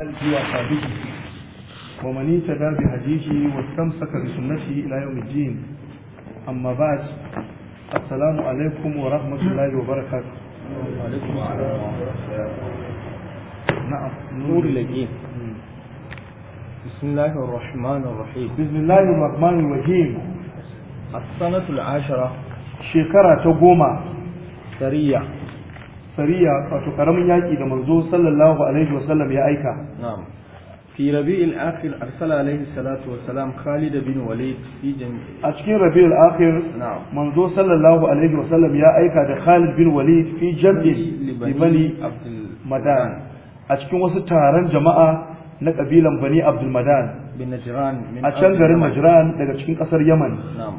وأصحابه ومن اهتدى بهديه واستمسك بسنته إلى يوم الدين أما بعد السلام عليكم ورحمة الله وبركاته وعليكم السلام ورحمة الله نعم نور الدين بسم الله الرحمن الرحيم بسم الله الرحمن الرحيم السنة العاشرة شكرة تقوم سريع sariya wato karamin yaki da manzo sallallahu alaihi wasallam ya aika na'am fi rabi'il akhir arsala alaihi salatu wassalam Khalid bin Walid fi jami'i a cikin rabi'il akhir na'am manzo sallallahu alaihi wasallam ya aika da Khalid bin Walid fi jami'i libani Abdul Madan a cikin wasu taron jama'a na kabilan Bani Abdul Madan bin Najran a can garin Najran daga cikin kasar Yaman na'am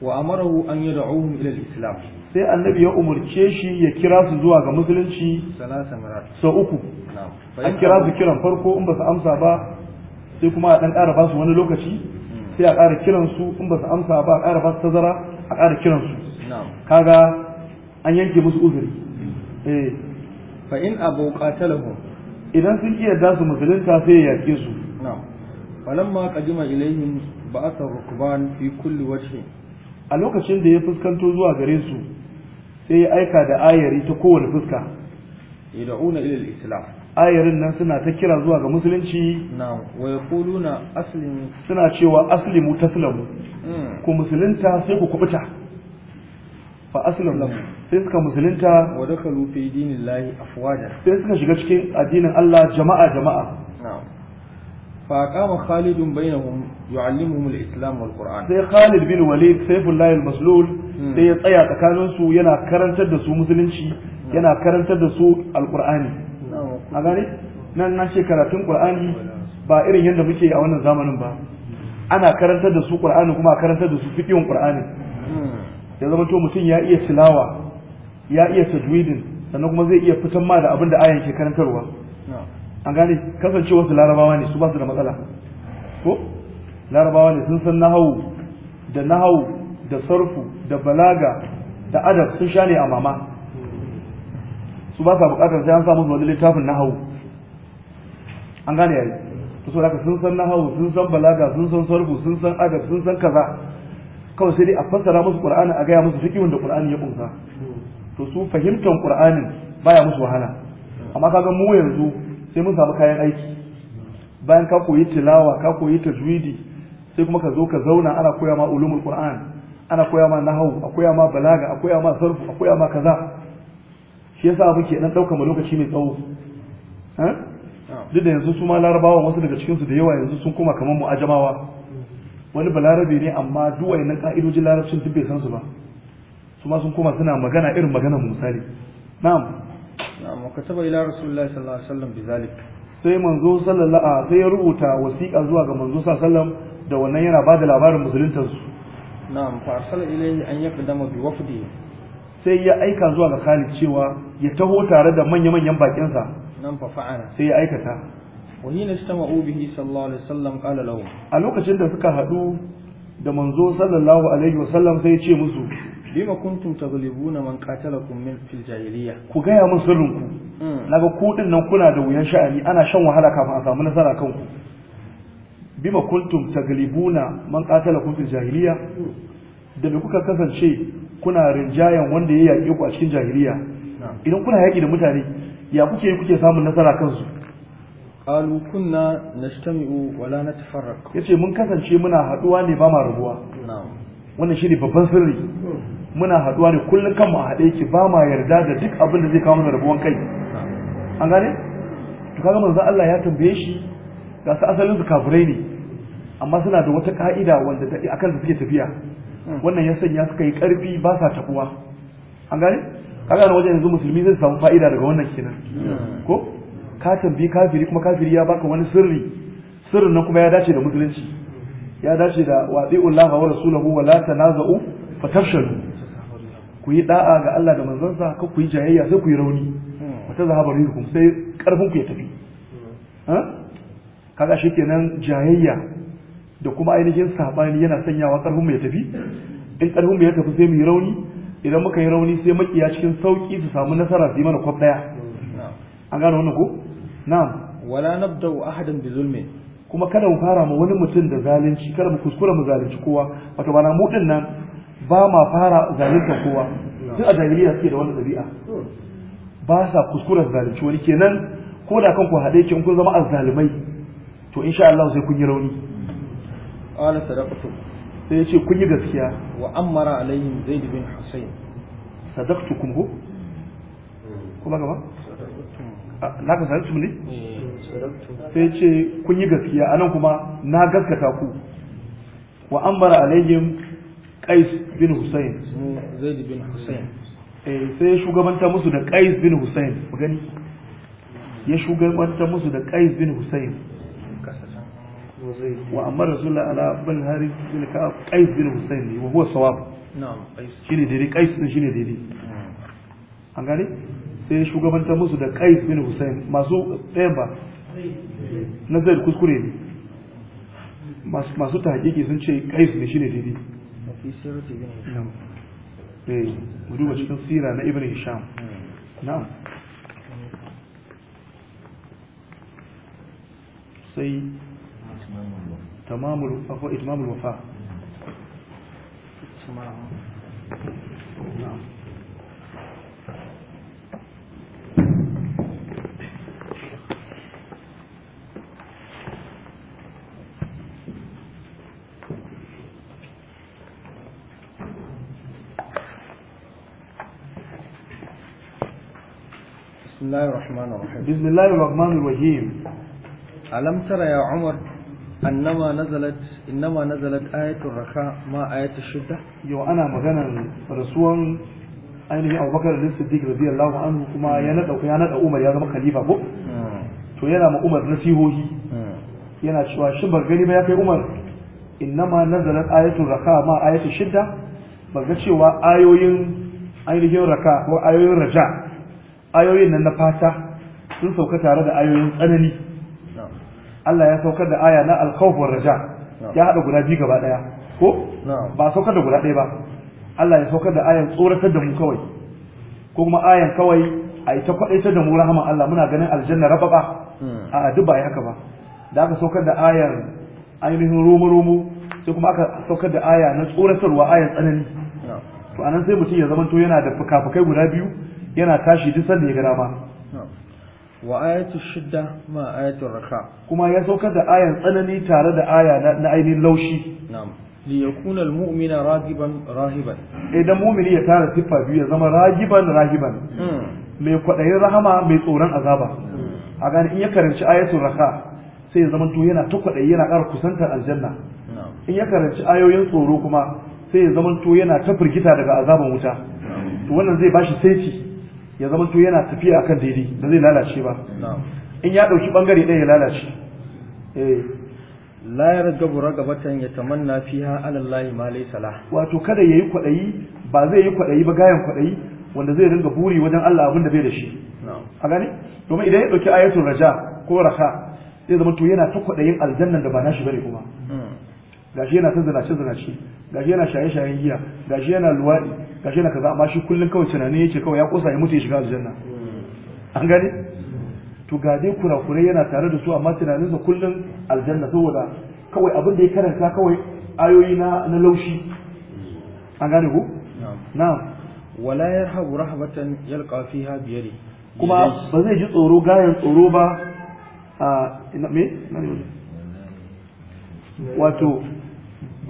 wa amarahu an yad'uhum ila al-islam sai annabi ya umarce shi ya kira su zuwa ga musulunci sau uku an kira su kiran farko in ba su amsa ba sai kuma a ɗan ƙara ba su wani lokaci hmm. sai a ƙara kiran su in ba su amsa ba a ƙara ba su tazara a ƙara kiran su kaga an yanke musu uzuri eh fa in abu qatalahum idan sun iya da su musulunta sai ya yake su falamma qadima ilaihim ba'atha rukban fi kulli wajhin a lokacin da ya fuskanto zuwa gare su sai ya aika da ayari ta kowane fuska yad'una ila al-islam ayarin nan suna ta kira zuwa ga musulunci na'am wa yaquluna aslimu suna cewa aslimu taslamu hmm. ku musulunta sai ku kubuta fa aslamu sai suka musulunta wa dakalu fi dinillahi afwaja sai suka shiga cikin addinin Allah jama'a jama'a na'am fa qama khalidun bainahum yu'allimuhum al-islam wal qur'an sai khalid bin walid sayfullahi al-maslul Hmm. sai ya tsaya tsakanin su yana karantar da su musulunci hmm. yana karantar da su alkur'ani a gane nan na ce karatun qur'ani ba irin yadda muke a wannan zamanin ba ana karantar da su qur'ani kuma a karantar da su fiqhin qur'ani hmm. ya zama to mutum ya iya silawa ya iya tajwidin sannan kuma zai iya fitan ma da abin da ayan ke karantarwa an gane kasancewa su larabawa ne su ba su da matsala ko larabawa ne sun san nahawu da nahawu da sarfu da balaga da adab sun sha ne a mama su ba sa bukatar sai an samu wani littafin nahawu an gane yayi to saboda sun san nahawu sun san balaga sun san sarfu sun san adab sun san kaza kawai sai dai a fassara musu qur'ani a gaya musu fiqhin da qur'ani ya kunsa to su fahimtar qur'anin baya musu wahala amma kaga mu yanzu sai mun samu kayan aiki bayan ka koyi tilawa ka koyi tajwidi sai kuma ka zo ka zauna ana koya ma ulumul qur'an ana koya ma nahawu a koya ma balaga a koya ma sarfu a koya ma kaza shi yasa muke dan dauka lokaci mai tsawo eh? duk da yanzu su ma larabawa wasu daga cikinsu da yawa yanzu sun koma kamar mu wani balarabe ne amma duk wayannan ka'idojin larabcin duk bai san su ba su ma sun koma suna magana irin magana misali na'am na'am Ka kataba ila rasulullahi sallallahu alaihi wasallam bizalik sai manzo sallallahu alaihi sai ya rubuta wasiƙa zuwa ga manzo sallallahu alaihi wasallam da wannan yana bada labarin musuluntar su na'am fa arsala ilayhi an yaqdama bi wafdi sai ya aika zuwa ga Khalid cewa ya taho tare da manya-manyan bakinsa nan fa fa'ala sai ya aikata wa hina istama'u bihi sallallahu alaihi wasallam qala lahu a lokacin da suka hadu da manzo sallallahu alaihi wasallam sai ya ce musu bima kuntum taglibuna man qatalakum min fil jahiliya ku mm. ga ya musulunku naga ku din nan kuna da wuyan sha'ani ana shan wahala kafin a samu nasara kanku bima kuntum taglibuna man qatala kuntum jahiliya da me kuka kasance kuna rinjayen wanda ya yaƙe ku a cikin jahiliya idan kuna yaƙi da mutane ya kuke yi kuke samun nasara kansu qalu kunna nastami'u wa la natafarraq yace mun kasance muna haduwa ne ba ma rabuwa wannan shi ne babban sirri muna haduwa ne kullum kanmu a haɗe yake ba ma yarda da duk abin da zai kawo mana rabuwan kai an gane to kaga manzo Allah ya tambaye shi ga su asalin su kafirai ne amma suna da wata ka'ida wanda ta akan suke tafiya wannan ya sanya suka yi karfi ba sa tabuwa an gane kaga na wajen yanzu musulmi zai samu fa'ida daga wannan kenan ko ka tambayi kafiri kuma kafiri ya baka wani sirri sirrin nan kuma ya dace da musulunci ya dace da ullaha wa rasulahu wa la tanaza'u tafshalu ku yi da'a ga Allah da manzansa ka ku yi jayayya sai ku yi rauni wata zahabar yukum sai karfin ku ya tafi kaga kenan jayayya da kuma ainihin sabani yana sanyawa karfin mu ya tafi in karfin mu ya tafi sai mu yi rauni idan muka yi rauni sai makiya cikin sauki su samu nasara su yi mana kwaf daya an gane wannan ko na'am wala nabda'u ahadan bi zulmi kuma kada mu fara mu wani mutum da zalunci kada mu kuskura mu zalunci kowa wato bana mu din nan ba ma fara zalunta kowa duk a jahiliya suke da wannan dabi'a ba sa kuskura su zalunci wani kenan ko da kanku haɗe kin kun zama azzalumai to insha Allah sai kun yi rauni qala sadaqtu sai yace kun yi gaskiya wa amara alaihim zaid bin husayn sadaqtukum ko kuma gaba ah, na ka eh, sadaqtu ne sai yace kun yi gaskiya anan kuma na gaskata ku wa amara alaihim qais bin husayn zaid bin husayn eh sai shugabanta musu da qais bin husayn ku gani ya shugabanta musu da qais bin husayn الحزيري رسول الله على بن هاري بن كعب قيس بن حسين وهو صواب نعم قيس شنو ديري قيس شنو ديري an sai musu da qais bin hussein masu ɗayan ba na zai kuskure ne masu ta hakiki sun ce qais ne shine daidai eh mu duba cikin sira na ibn hisham sai تمام الوفاء هو إتمام الوفاء نعم بسم الله الرحمن الرحيم بسم الله الرحمن الرحيم ألم ترى يا عمر annama nazalat innama nazalat ayatul raka ma ayatul shidda yau ana maganar rasuwan ainihin abubakar da siddiq radiyallahu anhu kuma hmm. ya nada ya nada umar ya zama khalifa ko hmm. to yana ma umar nasihohi hmm. yana cewa shi bar gani ba ya kai umar innama nazalat ayatul raka ma ayatul shidda ba ga cewa ayoyin ainihin raka ko ayoyin raja ayoyin nan na fata sun sauka tare da ayoyin tsanani Allah ya saukar da aya na al-khawf war raja ya hada guda biyu gaba daya ko ba saukar da guda daya ba Allah ya saukar da ayan tsoratar da mu kawai ko kuma ayan kawai a ita kwadaitar da mu rahama Allah muna ganin aljanna rababa hmm. a duk ba haka ba da aka saukar da ayan ainihin romo-romo sai kuma aka saukar da aya na tsoratarwa ayan tsanani to anan sai mutum ya zamanto yana da fuka-fukai guda biyu yana tashi duk sanda ya ga dama wa ayatu shidda ma ayatu raka kuma ya saukar da ayan tsanani tare da aya na ainihin laushi na'am li yakuna almu'mina ragiban rahiban idan mu'mini ya tara siffa biyu ya zama ragiban rahiban hmm. mai kwadayin rahama mai tsoron azaba hmm. a gani in ya karanci ayatul raka sai ya zama to yana ta kwadayi yana ƙara kusantar aljanna in ya karanci ayoyin tsoro kuma sai ya zama to yana ta firgita daga azaban wuta to wannan zai bashi saiti ya zama to yana tafiya akan daidai ba zai lalace ba in ya dauki bangare ɗaya ya lalace eh la yargabu ragabatan yatamanna fiha ala Allah ma laysa la wato kada yayi kwadayi ba zai yi kwadayi ba gayan kwadayi wanda zai ringa buri wajen Allah abin da bai da shi a gani domin idan ya dauki ayatul raja ko raka zai zama to yana ta kwadayin aljannan da ba na shi bane kuma hmm. gashi yana ta zinace zinace gashi yana shaye shayen giya gashi yana luwadi gashi yana kaza amma shi kullum kawai tunani yake kawai ya kosa ya mutu ya shiga aljanna an gane to ga dai kurakurai yana tare da su amma tunaninsa kullum aljanna saboda kawai abin da ya karanta kawai ayoyi na na laushi an gane ku na'am wala yarhabu rahmatan yalqa fiha biyari kuma ba zai ji tsoro gayan tsoro ba a me wato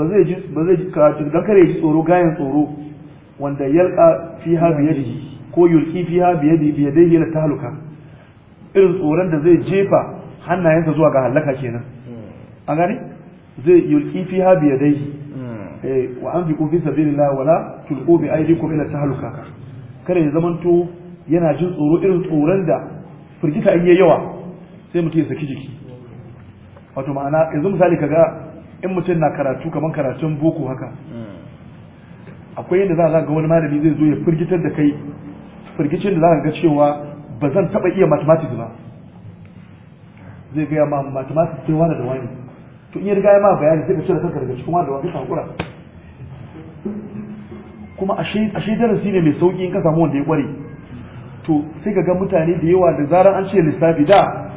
ba zai ji ba zai ji karatu dan kare ji tsoro gayan tsoro wanda yalqa fiha bi yadihi ko yulqi fiha bi yadihi bi yadihi la tahluka irin tsoron da zai jefa hannayensa zuwa ga halaka kenan an gane zai yulqi fiha bi yadihi hmm. eh wa anfiqu fi sabilillahi wala tulqu bi aydikum ila tahluka kare ya zamanto yana jin tsoro irin tsoron da firgita in yawa sai mutum ya saki jiki wato ma'ana yanzu misali kaga in mutum na karatu kamar karatun boko haka akwai yadda za ga wani malami zai zo ya firgitar da kai firgicin da za ga cewa ba zan taɓa iya mathematics ba zai gaya ma mathematics sai wani da wani to in ya riga ya ma bayani zai ka da kanka daga cikin wani da wani hakura kuma ashe darasi ne mai sauki in ka samu wanda ya kware to sai ka ga mutane da yawa da zarar an ce lissafi da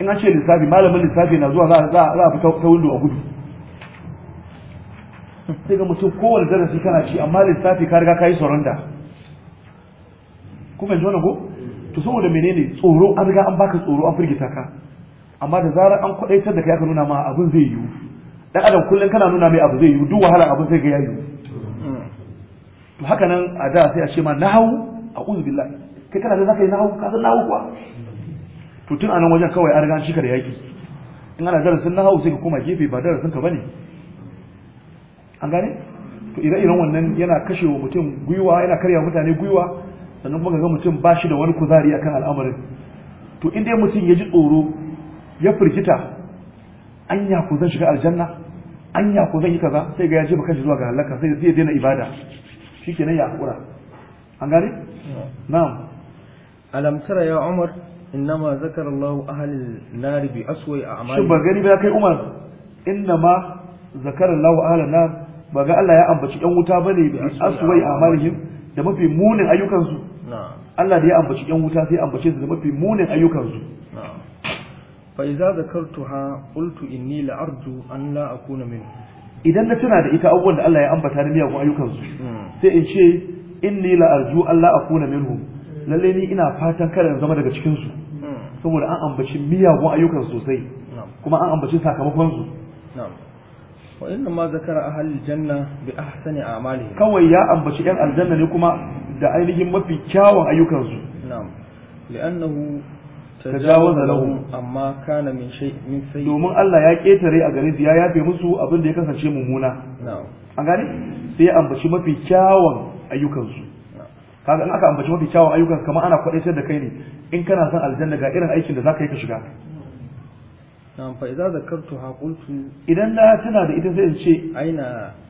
in an ce lissafi malamin lissafi na zuwa za a fita ta windo a gudu sai ga mutum kowane darasi kana ci amma lissafi ka riga kayi surrender ku fahimci wani go? to saboda menene tsoro an riga an baka tsoro an firgita ka amma da zarar an kwadaitar da kai aka nuna ma abin zai yiwu dan adam kullum kana nuna mai abu zai yiwu duk wahala abin sai ga ya yiwu to haka nan a da sai a ce ma a a'udhu billahi kai kana da zaka yi nahu ka san nahawu kuwa to tun anan wajen kawai an riga an shika da yaki in ana darasin nahu sai ka koma gefe ba darasin ka bane an gane to ire-iren wannan yana kashe wa mutum gwiwa yana karya mutane gwiwa sannan kuma ga mutum ba shi da wani kuzari akan al'amarin to in dai mutum ya ji tsoro ya firgita anya ku zan shiga aljanna anya ku zan yi kaza sai ga ya jefa kanshi zuwa ga halaka sai zai daina ibada shikenan ya hakura an gane na'am alam tara ya umar innama zakar Allah ahli nar bi a a'mali shi ba gani ba kai umar innama zakar Allah ahli nar ba ga Allah ya ambaci yan wuta bane bi aswai amalihim da mafi munin ayyukansu Allah da ya ambaci yan wuta sai ambace su da mafi munin ayyukansu fa iza zakartuha qultu inni la arju an la akuna min idan na tuna da ita abubuwan da Allah ya ambata da miyagun ayyukansu hmm. sai in ce inni la arju an la akuna minhum lalle ni ina fatan kada in zama daga cikin su hmm. saboda an ambaci miyagun ayyukan sosai kuma an ambaci sakamakon su wa inna ma zakara ahlul janna bi ahsani a'malihim kawai ya ambaci yan aljanna ne kuma da ainihin mafi kyawun ayyukansu na'am li'annahu tajawaza lahum amma kana min shay min sayyi domin Allah ya ketare a gare su ya yafe musu abin da ya kasance mummuna na'am an gane sai ya ambaci mafi kyawun ayyukansu kaga in aka ambaci mafi kyawun ayyukan kamar ana kwadaitar da kai ne in kana son aljanna ga irin aikin da zaka yi ka shiga na'am fa idza zakartuha qultu idan na tana da ita sai in ce aina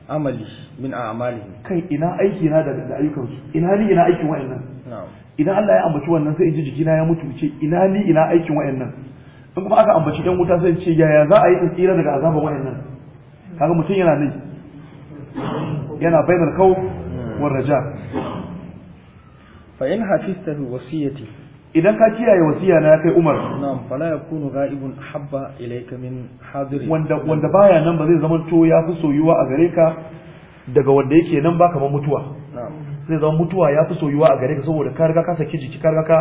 amali min a'malihi kai ina aiki na daga ayyukan su ina ni ina aikin idan Allah ya ambaci wannan sai in ji jikina ya mutu ce ina ni ina aikin in kuma aka ambaci yan wuta sai in ce yaya za a yi in tsira daga azaban wayannan. kaga mutum yana nan yana bainar kau hmm. war raja fa in wasiyati idan ka kiyaye wasiya na kai Umar na'am fala yakunu ghaibun habba ilayka min hadiri wanda wanda baya nan ba zai zama to ya fi soyuwa a gare ka daga wanda yake nan ba kamar mutuwa na'am zai zama mutuwa ya fi soyuwa a gare ka saboda ka riga ka saki jiki ka riga ka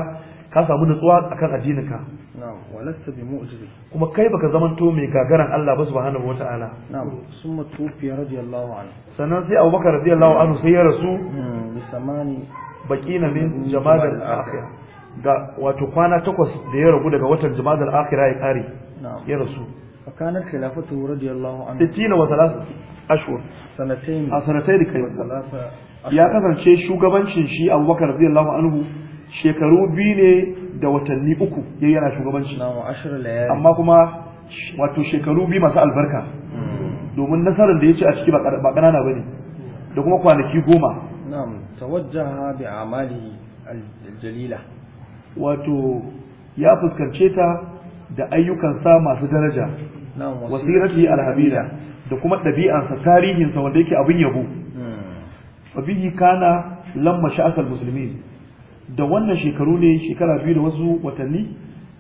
ka samu nutsuwa akan addinin ka na'am walasta bi mu'jizi kuma kai baka zama to mai gagaran Allah ba subhanahu wata'ala na'am summa tufi radiyallahu anhu sannan sai Abubakar radiyallahu anhu sai ya rasu hmm, bi samani baqina min jama'al akhirah da wato kwana takwas da ya ragu daga watan jima'ar akhira ya kare ya rasu A kanar فكانت خلافته رضي الله عنه 60 وثلاث اشهر سنتين سنتين كي ya kasance shugabancin shi Bakar radiyallahu anhu shekaru biyu ne da watanni uku ya yana shugabanci amma kuma wato shekaru biyu masu albarka hmm. domin nasarar da ya ce a ciki ba ƙanana ba ne da kuma kwanaki goma na'am tawajjaha bi amali aljalila wato ya fuskance ta da ayyukansa masu daraja wasirati alhabila da kuma sa, ɗabi'ansa tarihinsa wanda yake abin yabo hmm. fabihi kana lamma sha'asal musulmi da wannan shekaru ne shekara biyu da wasu watanni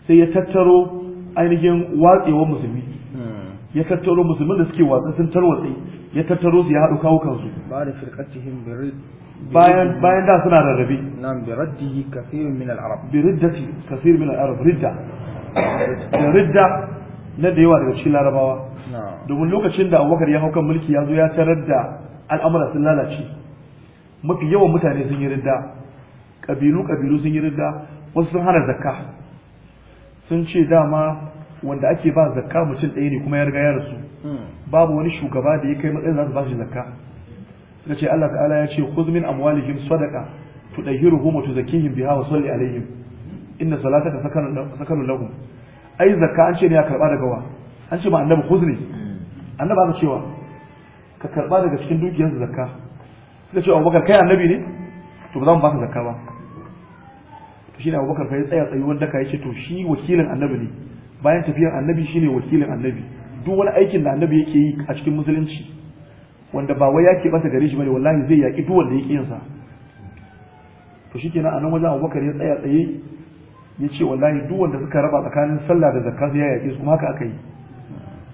sai ya tattaro ainihin watsewar musulmi hmm. ya tattaro musulmin da suke watsa sun tarwatse ya tattaro su ya haɗu kawo kansu ba da firkatihim bayan bayan da suna rarrabe nan bi raddi kaseer min al-arab bi riddati kaseer min al-arab ridda da ridda na da yawa daga cikin larabawa domin lokacin da abubakar ya hau kan mulki ya zo ya tarar da al'amura sun lalace mafi yawan mutane sun yi ridda kabilu kabilu sun yi ridda wasu sun hana zakka sun ce dama wanda ake ba zakka mutum ɗaya ne kuma ya riga ya rasu hmm. babu wani shugaba da ya kai matsayin za su ba shi zakka suka ce Allah ta'ala ya ce khudh min amwalihim sadaqa tudahhiruhum wa tuzakkihim biha wa salli alaihim inna salataka sakanun lahum ai zakka an ce ne ya karba daga wa an ce ma annabi khudh ne annabi aka cewa ka karba daga cikin dukiyar zakka sai ce Abubakar kai annabi ne to ba za mu baka zakka ba to shine Abubakar fa ya tsaya tsayuwar daka yace to shi wakilin annabi ne bayan tafiyar annabi shine wakilin annabi duk wani aikin da annabi yake yi a cikin musulunci wanda ba wai yake masa gare shi bane wallahi zai yaki duk wanda yake yin sa to shikenan anan wajen Abubakar ya tsaya tsaye ya ce wallahi duk wanda suka raba tsakanin sallah da zakka ya yaki su kuma haka aka yi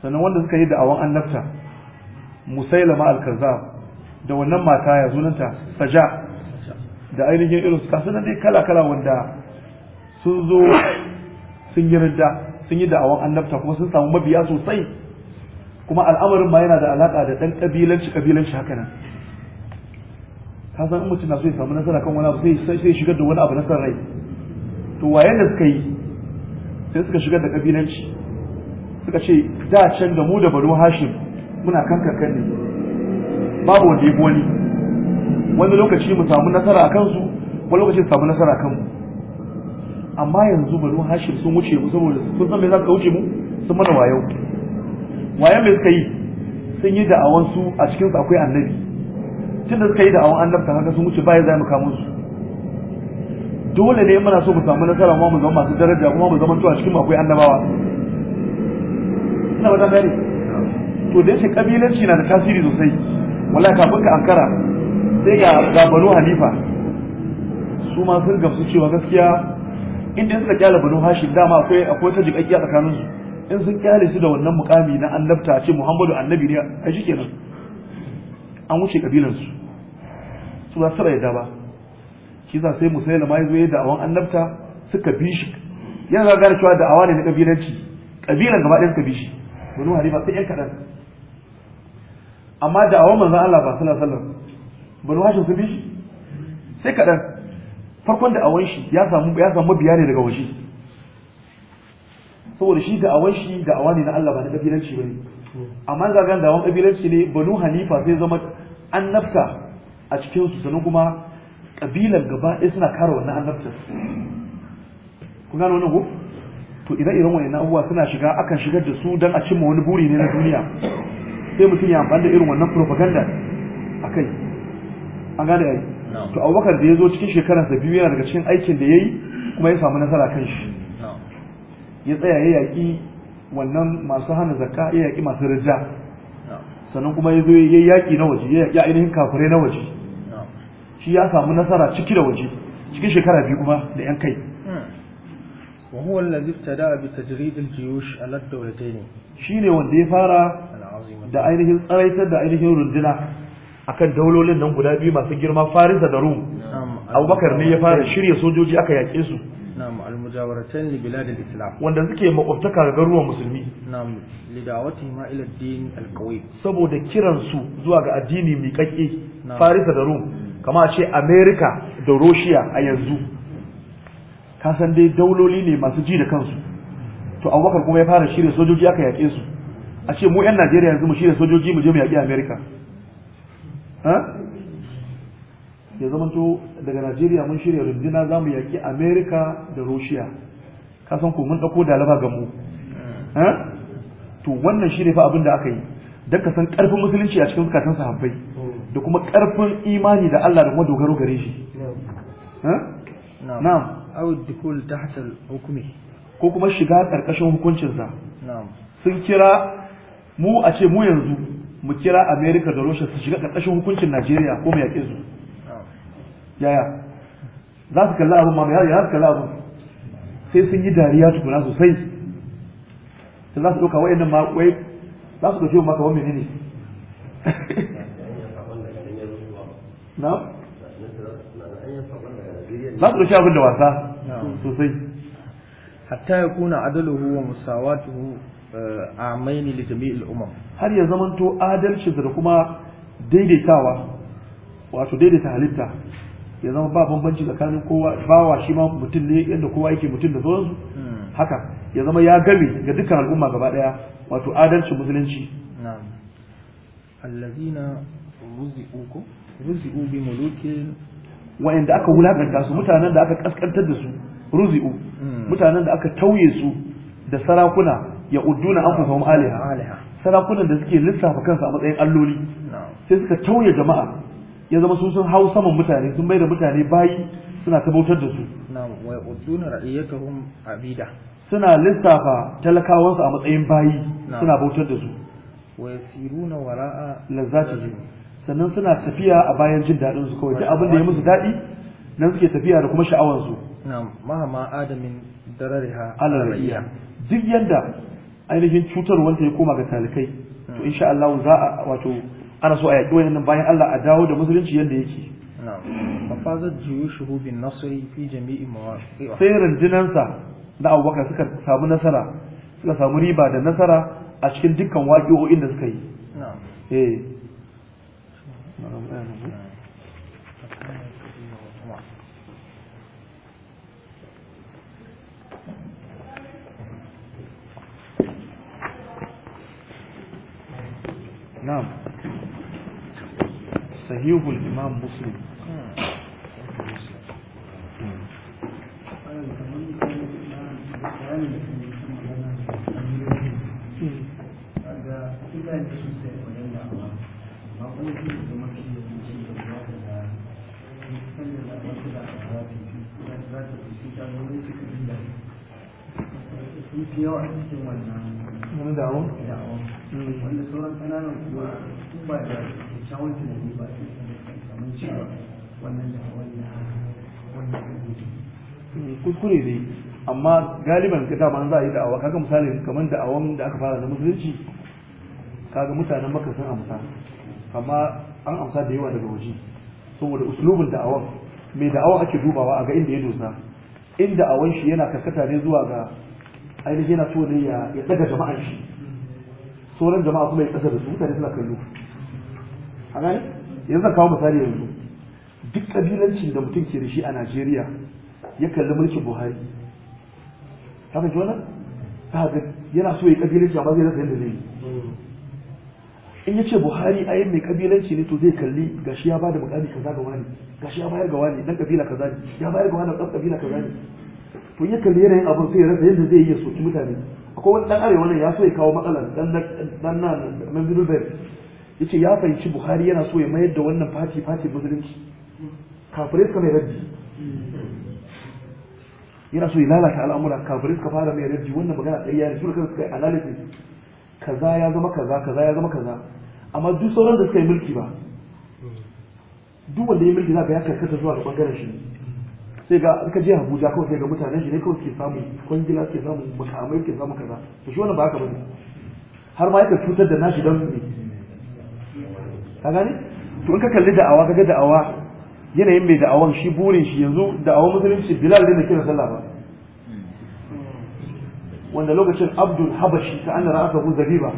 sannan wanda suka yi da awan annabta musailama al kazza da wannan mata ya zunanta saja da ainihin irin su kasu dai kala kala wanda sun zo sun yi ridda sun yi da awan annabta kuma sun samu mabiya sosai kuma al'amarin ma yana da alaka da dan kabilanci kabilanci haka nan ka san in mutum na so ya samu nasara kan wani abu sai sai shigar da wani abu na san rai to waye da suka yi sai suka shigar da kabilanci suka ce da can da mu da banu hashim muna kan kankan ne babu wanda ya wani wani lokaci mu samu nasara a kansu wani lokaci samu nasara a kanmu amma yanzu banu hashim sun wuce mu saboda sun san me za su wuce mu sun mana wayo Waye mai suka yi sun yi da'awan su a cikin akwai annabi tunda suka yi da'awan ta haka sun wuce baya za mu kama su dole ne muna so mu samu nasara kuma mu zama masu daraja kuma mu zama to a cikin akwai annabawa ina wata gani to da shi kabilanci na da tasiri sosai wallahi kafin ka ankara sai ga ga banu hanifa su ma sun gamsu cewa gaskiya inda suka kyala banu hashim dama akwai akwai ta jikakkiya tsakaninsu in sun kyale su da wannan mukami na annabta ce muhammadu annabi ne a shi kenan an wuce kabilansu su za su rai da ba shi za sai musayi lama zo awon an annabta suka bi shi yana gane cewa da'awa ne na kabilanci kabilan gaba ɗaya suka bi shi wani hari ba sai yan kaɗan amma awon manzan Allah ba sallallahu sallar wasallam bani hashin sun bi shi sai kaɗan farkon awon shi ya samu ya samu biya ne daga washi saboda shi da awan shi da awani na Allah ba na kabilanci bane amma ga ga da awan kabilanci ne banu hanifa sai zama an a cikin su sanan kuma kabilan gaba ɗaya suna kare wannan annabta kun gano wannan ko to idan irin wannan abubuwa suna shiga akan shigar da su dan a cimma wani buri ne na duniya sai mutum ya amfani da irin wannan propaganda akai an gane ai to abubakar da ya zo cikin shekararsa biyu yana daga cikin aikin da ya yi kuma ya samu nasara kan shi ya tsaya ya yaƙi wannan masu hana zakka ya yaƙi masu rija sannan kuma ya zo ya yaƙi na waje ya yaƙi ainihin kafirai na waje shi ya samu nasara ciki da waje cikin shekara biyu kuma da yan kai وهو الذي ابتدأ بتجريد الجيوش على الدولتين شيني wanda ya fara da ainihin tsaraitar da ainihin runduna akan daulolin nan guda biyu masu girma Farisa da Rum Abubakar ne ya fara shirya sojoji aka yaƙe su na'am al-mujawaratan wanda suke makwabtaka ga garuruwan musulmi na'am li saboda kiran su zuwa ga addini mai kakke farisa da rum kama a ce america da russia a yanzu ka san dai dauloli ne masu ji da kansu to abubakar kuma ya fara shirya sojoji aka yaƙe su a ce mu 'yan najeriya yanzu mu shirya sojoji mu je mu yaƙi america ya zamanto daga najeriya mun shirya rundunar za mu yaƙi amerika da russia kasan ku mun ɗauko dalaba ga mu hmm. eh? to wannan shi ne fa abin da aka yi don ka san ƙarfin musulunci a cikin zukatan sahabbai hmm. da kuma ƙarfin imani da allah da kuma dogaro gare shi hmm. eh? na'am aw ta tahta hukumi ko kuma shiga ƙarƙashin hukuncinsa sun kira mu a ce mu yanzu mu kira amerika da russia su shiga ƙarƙashin hukuncin najeriya ko mu yaƙe su yaya za su kalla abin mamaye, ya su kalla abin sai sun yi dariya tukuna sosai da za su ɗauka wa'in nan wai za su ɗauke maka wani ne na za su ɗauki abin da wasa sosai hatta ya kuna adaluhu wa musawatuhu eh, a maini li jami'il har ya zamanto adalci da kuma daidaitawa wato daidaita halitta ya zama ba bambanci tsakanin kowa bawa shi ma mutum ne yadda kowa yake mutum da zuwansu hmm. haka ya zama ya gabe ga dukkan al'umma gaba daya wato adalci musulunci na'am allazina ruzi'uku bi wa'anda aka wulakanta su mutanen da aka kaskantar da su ruzi'u hmm. mutanen da aka tauye su da sarakuna ya udduna an fusahum aliha sarakunan da suke lissafa kansu a matsayin alloli sai suka tauye jama'a ya zama sun sun hau saman mutane sun bai da mutane bayi suna ta bautar da su suna lissafa talakawansu a matsayin bayi suna bautar da su sannan suna tafiya a bayan jin daɗin su kawai duk abin da ya musu daɗi nan suke tafiya da kuma sha'awar su mahama adamin darariha alariya duk yanda ainihin cutarwar ta ya koma ga talikai to hmm. insha Allah za a wato ana so a yaƙi wayannan bayan Allah a dawo da musulunci yadda yake fafazar juyushuhu bin nasri fi jami'i mawaqi sai rundunansa na abubakar suka samu nasara suka samu riba da nasara a cikin dukkan waƙi'o'in da suka yi eh sahihul imam muslim hmm. wanda sauran kananan kuma ba da kyakkyawan tunani ba su kamar cewa wannan da wannan wannan hmm, kuskure ne amma galiban ka dama za a yi da'awa kaga misali kamar da'awan da aka fara na musulunci kaga mutanen maka sun amsa amma an amsa da yawa daga waje saboda uslubin da'awan mai da'awa ake dubawa a ga inda ya dosa in awan shi yana karkata ne zuwa ga ainihin yana so ne ya daga jama'an shi sauran jama'a kuma ya kasa da su mutane suna kallo a gani yanzu kawo misali yanzu duk kabilancin da mutum ke da shi a Najeriya ya kalli mulkin Buhari ka fahimci wannan ta ga yana so ya kabilanci amma zai rasa yadda zai yi in ya ce Buhari a mai kabilanci ne to zai kalli gashi ya bada mukami kaza ga wani gashi ya bayar ga wani dan kabila kaza ne ya bayar ga wani dan kabila kaza ne to ya kalli yanayin abin sai ya rasa yadda zai yi ya soki mutane akwai wani dan arewa ne ya so ya kawo matsalar dan nan manzilin bai yace ya fahimci buhari yana so ya mayar da wannan fati fati musulunci kafirai suka mai raddi yana so ya lalata al'amura kafirai suka fara mai raddi wannan magana ɗaya ne su da suka yi analysis kaza ya zama kaza kaza ya zama kaza amma duk sauran da suka yi mulki ba duk wanda ya mulki za ka ya karkata zuwa ga bangaren shi sai ga aka je Abuja kawai sai ga mutanen shi ne kawai suke samu kwangila suke samu makamai suke samu kaza to shi wannan ba haka bane har ma yake cutar da nashi dan ne ka gane to in ka kalli da'awa kaga da'awa yanayin mai da'awan shi burin shi yanzu da'awan musulunci bilal ne kira sallah ba wanda lokacin abdul habashi ta an ra'aka hu zabiba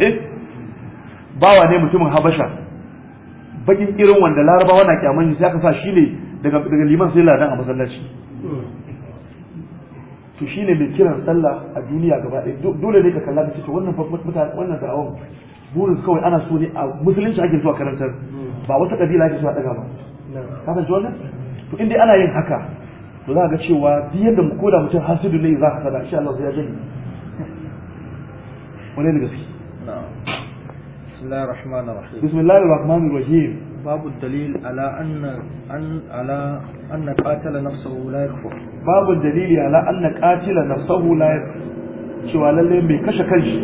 eh? bawa ne mutumin habasha bakin irin wanda larabawa na kyaman shi ka sa shine daga daga liman sai ladan a masallaci to shine mai kiran sallah a duniya gaba ɗaya dole ne ka kalla ka ce wannan mutane wannan da'awan Burinsu kawai ana so ne a musulunci ake zuwa karantar ba wata kabila ake zuwa daga ba ka fahimci wannan to inda ana yin haka to za a ga cewa duk yadda ko da mutum hasidu ne za ka sada insha Allah sai ya janye wani ne gaske بسم الله الرحمن الرحيم باب الدليل على أن أن على أن قاتل نفسه لا Babu باب ala على أن قاتل نفسه cewa lallai mai kashe kanshi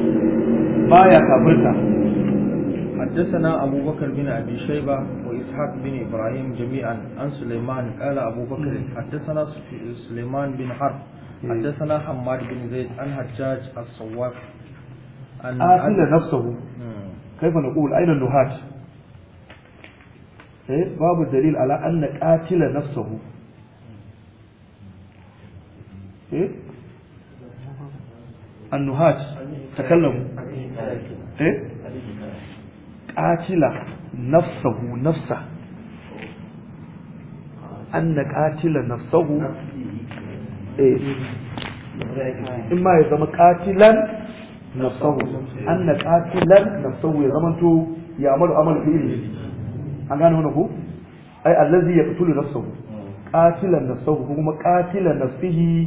baya kafirta حدثنا أبو بكر بن أبي شيبة وإسحاق بن إبراهيم جميعا عن سليمان قال أبو بكر حدثنا سليمان بن حرب حدثنا حماد بن زيد عن حجاج الصواف عن أهل نفسه كيف نقول أين النهاج إيه، باب الدليل على أن قاتل نفسه إيه؟ النهاج تكلم ايه qatila nafsahu nafsa anna qatila nafsahu eh in ma ya zama qatilan nafsahu anna qatilan nafsahu ya zama to ya amalu amal fi'li an gane wannan ko ai allazi yaqtulu nafsahu qatilan nafsahu ko kuma qatilan nafsihi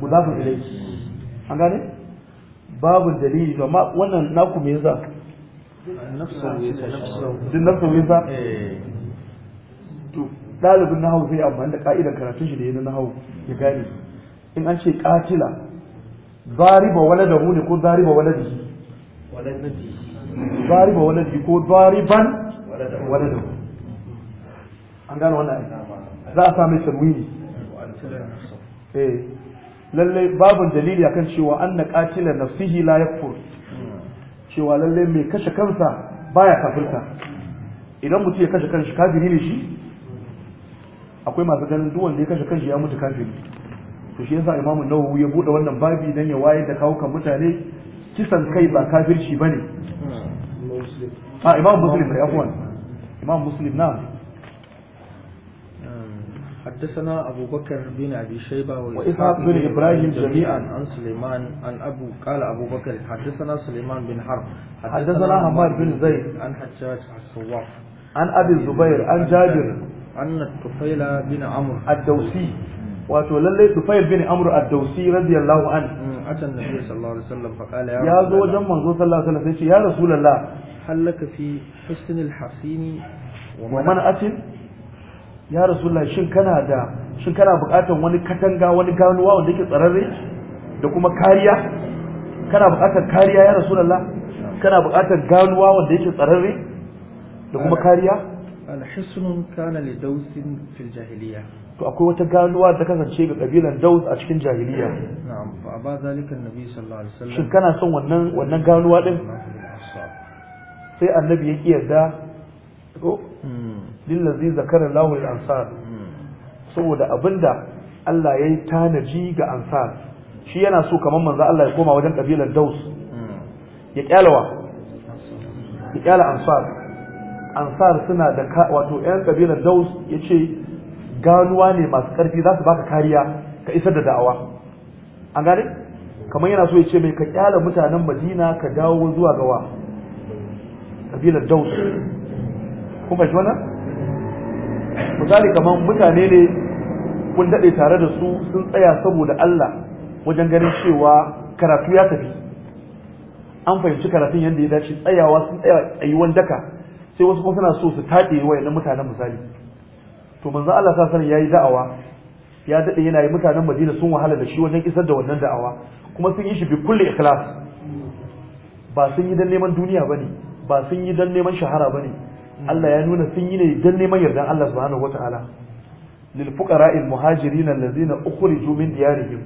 mudafun ilayhi an gane babu dalili to amma wannan naku me yasa din nafsa wiza eh. to dalibin hau zai amma da ka'idar karatun shi da na hau ya gane in an ce katila zariba da ne ko zariba waladihi zariba waladihi ko zariban hune an gano wannan za a sami tanwini ne eh. lallai babin dalili akan cewa anna qatila nafsihi la yakfur cewa lallai mai kashe kansa baya kafirta idan mutum ya kashe kanshi kafiri ne shi akwai masu ganin duk wanda ya kashe kanshi ya mutu kafiri to shi yasa imamu nawawi ya bude wannan babi dan ya wayar da kawukan mutane kisan kai ba kafirci bane hmm. a ah, imam muslim da afwan imam muslim na حدثنا أبو بكر بن أبي شيبة وإسحاق بن إبراهيم جميعا عن سليمان عن أبو قال أبو بكر حدثنا سليمان بن حرب حدثنا حماد بن زيد عن حجاج الصواف عن أبي الزبير عن جابر عن بن عمرو الدوسي wato lallai Tufayl bin Amr ad-Dawsi radiyallahu an atan sallallahu alaihi wasallam fa qala ya zo wajen manzo sallallahu alaihi wasallam sai ya rasulullah halaka fi hasini wa man atin ya rasulullah shin kana da shin kana buƙatar wani katanga wani ganuwa wanda yake tsararre da kuma kariya kana buƙatar kariya ya rasulullah kana buƙatar ganuwa wanda yake tsararre da kuma kariya alhisnun kana li dausin fil jahiliya to akwai wata ganuwa da kasance ga kabilan daus a cikin jahiliya na'am fa ba zalika annabi sallallahu alaihi wasallam shin kana son wannan wannan ganuwa din sai annabi ya yarda oh, lillazi zakara lahu al-ansar saboda abinda Allah yayi tanaji ga ansar shi yana so kaman manzo Allah ya koma wajen kabilar Daus ya kyalawa ya kyala ansar ansar suna da wato ƴan kabilar Daus yace ganuwa ne masu karfi za su baka kariya ka isar da da'awa an gane kamar yana so ya ce mai ka kyala mutanen Madina ka dawo zuwa gawa kabilar Daus kuma shi wannan misali kamar mutane ne kun daɗe tare da su sun tsaya saboda Allah wajen ganin cewa karatu ya tafi an fahimci karatun yadda ya dace tsayawa sun tsaya tsayuwan daka sai wasu kuma suna so su taɗe wayannan mutanen misali to manzo Allah sa sanin yayi da'awa ya daɗe yana yi mutanen Madina sun wahala da shi wajen isar da wannan da'awa kuma sun yi shi bi kulli ikhlas ba sun yi dan neman duniya bane ba sun yi dan neman shahara bane Mm. Allah ya nuna sun yi ne don neman yardan Allah subhanahu wataala lil al muhajirin allazina ukhriju min diyarihim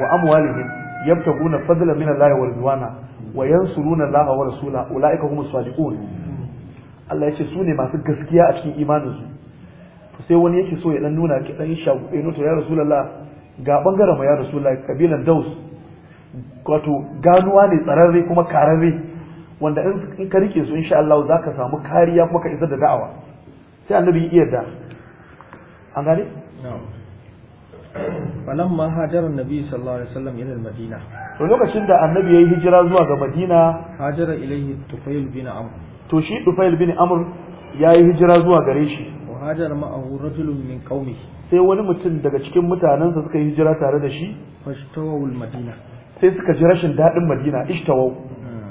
wa amwalihim yabtaguna fadlan min Allah wa ridwana wa yansuruna Allah wa rasula ulaika humus sadiqun Allah yace su ne masu gaskiya a cikin imaninsu to sai wani yake so ya dan nuna ki dan shagu eh to ya rasulullah ga bangaren mu ya rasulullah kabilan daus wato ganuwa ne tsararre kuma kararre wanda in ka rike su insha Allah za ka samu kariya kuma ka isar da da'awa sai annabi ya yarda an gane ma hajara annabi sallallahu alaihi wasallam ila madina to lokacin da annabi yayi hijira zuwa ga madina hajara ilayhi tufail bin amr to shi tufail bin amr yayi hijira zuwa gare shi wa hajara ma'ahu rajulun min qaumi sai wani mutum daga cikin mutanensa suka yi hijira tare da shi fashtawul madina sai suka ji rashin dadin madina ishtawau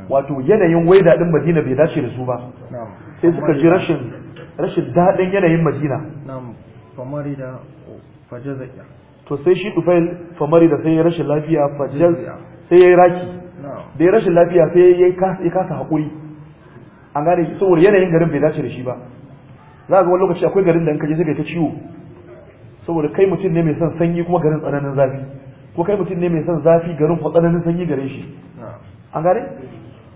wato yanayin waida din madina bai dace da su ba sai suka ji rashin rashin daɗin yanayin madina famari da to sai shi tufail famari da sai ya rashin lafiya fajaz sai ya yi raki da ya rashin lafiya sai ya kasa haƙuri an gane shi saboda yanayin garin bai dace da shi ba za ga wani lokaci akwai garin da in kaje sai kai ta ciwo saboda kai mutum ne mai son sanyi kuma garin tsananin zafi ko kai mutum ne mai son zafi garin kuma tsananin sanyi garin shi an gane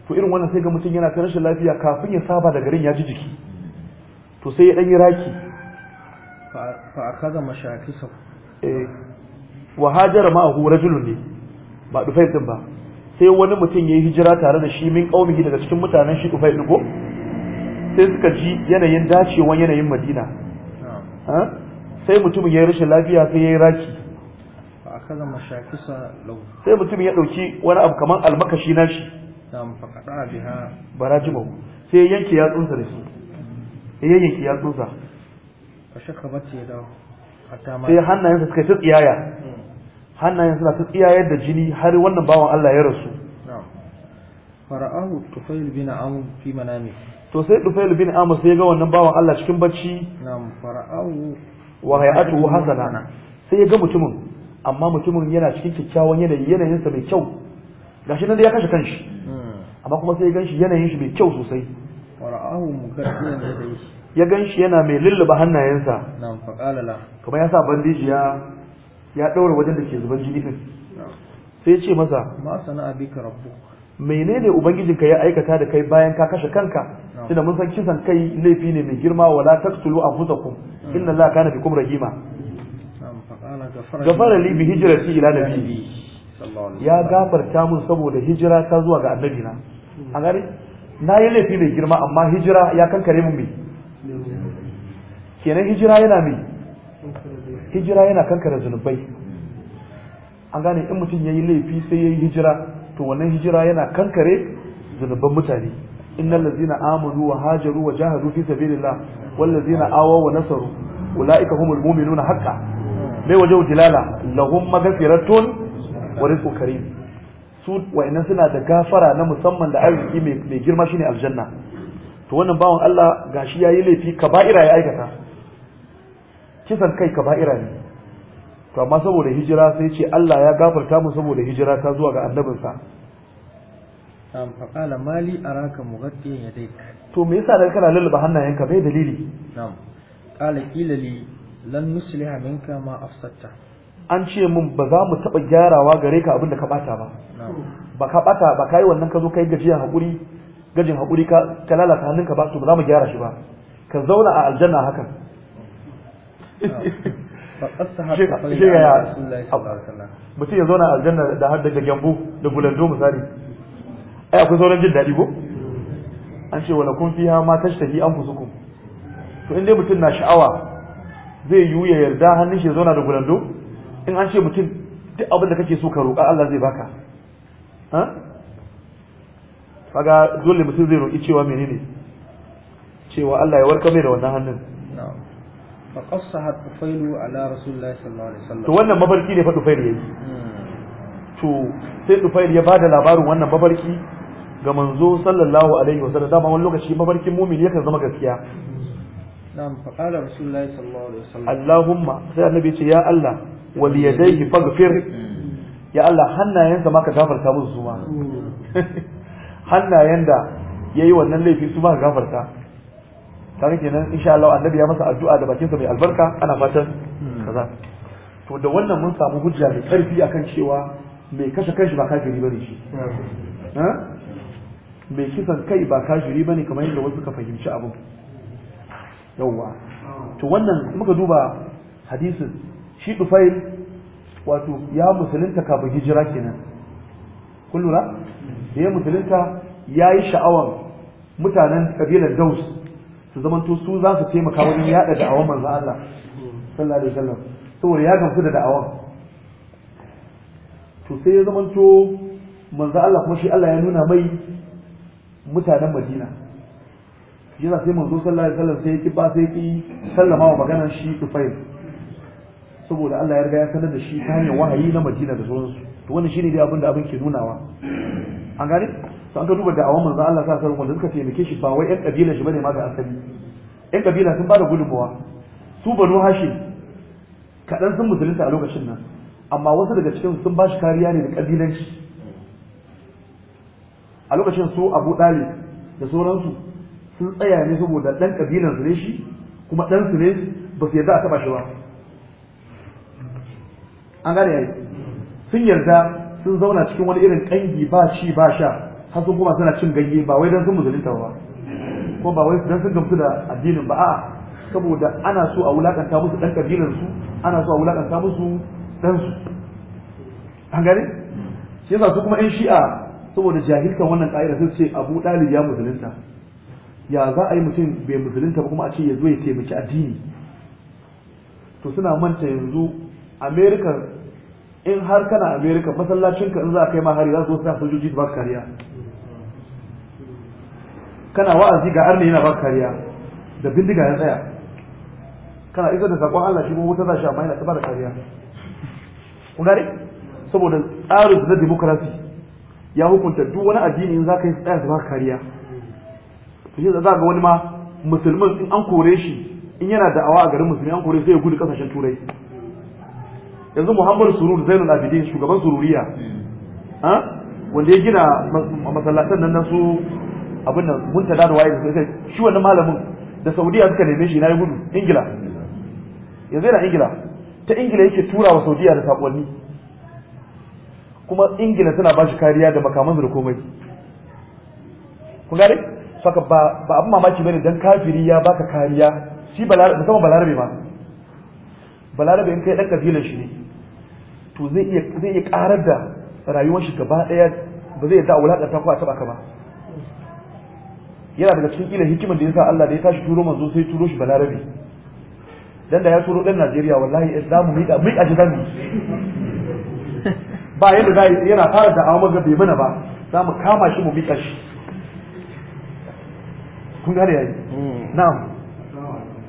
to irin wannan sai ga mutum yana ta rashin lafiya kafin ya saba da garin ya ji jiki to sai ya ɗanyi yi raki fa akaza mashakisa eh wa hajjara ma hura julun ne ba dufai din ba sai wani mutum ya yi hijira tare da shi min kaumihi daga cikin mutanen shi dufai din ko sai suka ji yanayin dacewan yanayin Madina sai mutumin yi rashin lafiya sai ya yi raki sai mutum ya ɗauki wani abu kaman almakashi nashi nam faqata biha barajibu sai yanke yatsunsa da sai da sai hannayensa suka ta tsiyaya hmm. hannayen suna ta tsiyayar da jini har wannan bawan Allah ya rasu fara'ahu tufail bin amr fi manami to sai tufail bin amr sai ga wannan bawan Allah cikin bacci na'am fara'ahu wa hay'atuhu hasana sai ya ga mutumin amma mutumin yana cikin kyakkyawan yanayi yanayinsa mai kyau gashi nan da ya kashe kanshi hmm. amma kuma sai ya ganshi yanayin shi mai kyau sosai ya ganshi yana mai lulluba hannayensa kamar ya sa bandiji ya ya ɗaura wajen da ke zuban jini din sai ya ce masa ma sana'a ka menene ubangijinka ya aikata da kai bayan ka kashe kanka tunda mun san kisan kai laifi ne mai girma wala taqtulu anfusakum hmm. inna allaha kana bikum rahima gafara li bi hijrati ila nabi ya gafarta mun saboda hijira ta zuwa ga annabi na an gare na yi laifi mai girma amma hijira ya kankare mun mai kenan hijira yana mai hijira yana kankare zunubai an gane in mutum ya yi laifi sai ya yi hijira to wannan hijira yana kankare zunuban mutane innal ladzina amanu wa hajaru wa jahadu fi sabilillah wal ladzina awa wa nasaru ulaika humul mu'minuna haqqan mai wajen jilala lahum maghfiratun wa karim su wayannan suna da gafara na musamman da arziki mai girma shine aljanna to wannan bawan Allah gashi yi laifi ka kaba'ira ya aikata kisan kai ka kaba'ira ne to amma saboda hijira sai ce Allah ya gafarta mu saboda hijira ta zuwa ga annabinsa am faqala mali araka mughaddiyan yadayka to me yasa dan kana lulluba hannayenka bai dalili na'am qala qila li lan nusliha minka ma an ce min ba za mu taɓa gyarawa gare ka abin da ka ɓata ba ba ka ɓata ba ka yi wannan ka zo ka yi gajiya haƙuri gajin haƙuri ka lalata hannunka ba su ba za mu gyara shi ba ka zauna a aljanna hakan mutum ya zauna a aljanna da har daga gyambo da gulando misali ai akwai sauran jin daɗi ko an ce wala kun fiha ma tashtahi an fusukum to in dai mutum na sha'awa zai yiwu ya yarda hannun shi ya zauna da gulando. in an ce mutum duk abin da kake so ka roƙa Allah zai baka kaga dole mutum zai roƙi cewa menene cewa Allah ya warka mai da wannan hannun faqassaha tufailu ala rasulullahi sallallahu alaihi wasallam to wannan mafarki ne fa tufailu yayi hmm. to sai tufailu ya bada labarin wannan mafarki ga manzo sallallahu alaihi wasallam dama wani lokaci mafarkin mumini yakan zama gaskiya نعم فقال رسول الله صلى الله عليه وسلم اللهم سيدنا النبي يا الله وليديه فاغفر ya Allah hannayensa ma ka gafarta musu su ma hmm. hannayen da ya yi wannan laifi su ma ka gafarta tare kenan insha Allah annabi ya masa addu'a da bakinsa mai albarka ana fatan hmm. kaza to da wannan mun samu hujja mai karfi akan cewa mai kashe kanshi ba kafiri bane shi hmm. mai kisan kai ba kafiri bane kamar yadda wasu ka fahimci abu. yawwa ah. to wannan muka duba hadisin shi dufail wato ya musulunta kafin hijira kenan kun lura da ya musulunta ya yi sha'awar mutanen kabilar daus su to su za su taimaka wajen yada da'awar manzo Allah sallallahu alaihi wasallam saboda ya gamsu da da'awan, to sai ya zamanto manzo Allah kuma shi Allah ya nuna mai mutanen Madina yana sai manzo sallallahu alaihi wasallam sai yake ba sai yake sallama wa magana shi tufail saboda Allah ya riga ya sanar da shi ta hanyar wahayi na Madina da sauransu to wannan shine dai abin da abin ke nunawa an gane to an ka duba awan manzo Allah sa alaihi wasallam suka taimake shi ba wai yan kabila shi bane ma ga asali yan kabila sun bada gudunmawa su banu hashim kaɗan sun musulunta a lokacin nan amma wasu daga cikin sun ba shi kariya ne da kabilanci a lokacin su abu ɗali da sauransu sun tsaya ne saboda ɗan ƙabilan su ne shi kuma ɗan su ne ba su yarda a taɓa shi ba an gane yayi sun yarda sun zauna cikin wani irin ƙangi ba ci ba sha har sun kuma suna cin ganye ba wai don sun musulunta ba ko ba wai don sun gamsu da addinin ba a'a saboda ana so a wulakanta musu ɗan ƙabilan su ana so a wulakanta musu ɗan su an gane shi yasa su kuma 'yan shi'a saboda jahilkan wannan ƙa'ida sun ce abu ɗalib ya musulunta ya za a yi mutum bai musulunta ba kuma a ce ya zo ya taimaki addini to suna manta yanzu america in har kana america masallacinka in za a kai ma hari za su sa sojoji su ba kariya kana wa'azi ga arne yana ba kariya da bindiga ya tsaya kana isar da sakon Allah shi kuma wuta za shi amma yana ta ba da kariya kun saboda tsarin na demokrasi ya hukunta duk wani addini in za ka yi tsaya su ba kariya shi za ga wani ma musulmin in an kore shi in yana awa a garin musulmi an kore sai gudu kasashen turai yanzu muhammadu surur zainul abidin shugaban sururiya wanda ya gina masallatan nan su abin nan tada da waye da sai shi wannan malamin da saudiya suka neme shi na gudu ingila yanzu yana ingila ta ingila yake tura wa saudiya da sakonni kuma ingila tana ba shi kariya da makamansu da komai kun gane saka ba abin mamaki bane dan kafiri ya baka kariya shi balarabe musamman balarabe ma balarabe in kai dan kabilar shi ne to zai iya zai iya karar da rayuwar shi gaba daya ba zai da wulakanta ko a taba ka ba yana daga cikin kila hikimar da yasa Allah da ya tashi turo manzo sai turo shi balarabe dan da ya turo dan Najeriya wallahi islamu mu mu kaji zamu ba yadda yana fara da amma ga bai mana ba za mu kama shi mu mika shi kun gane yi. na'am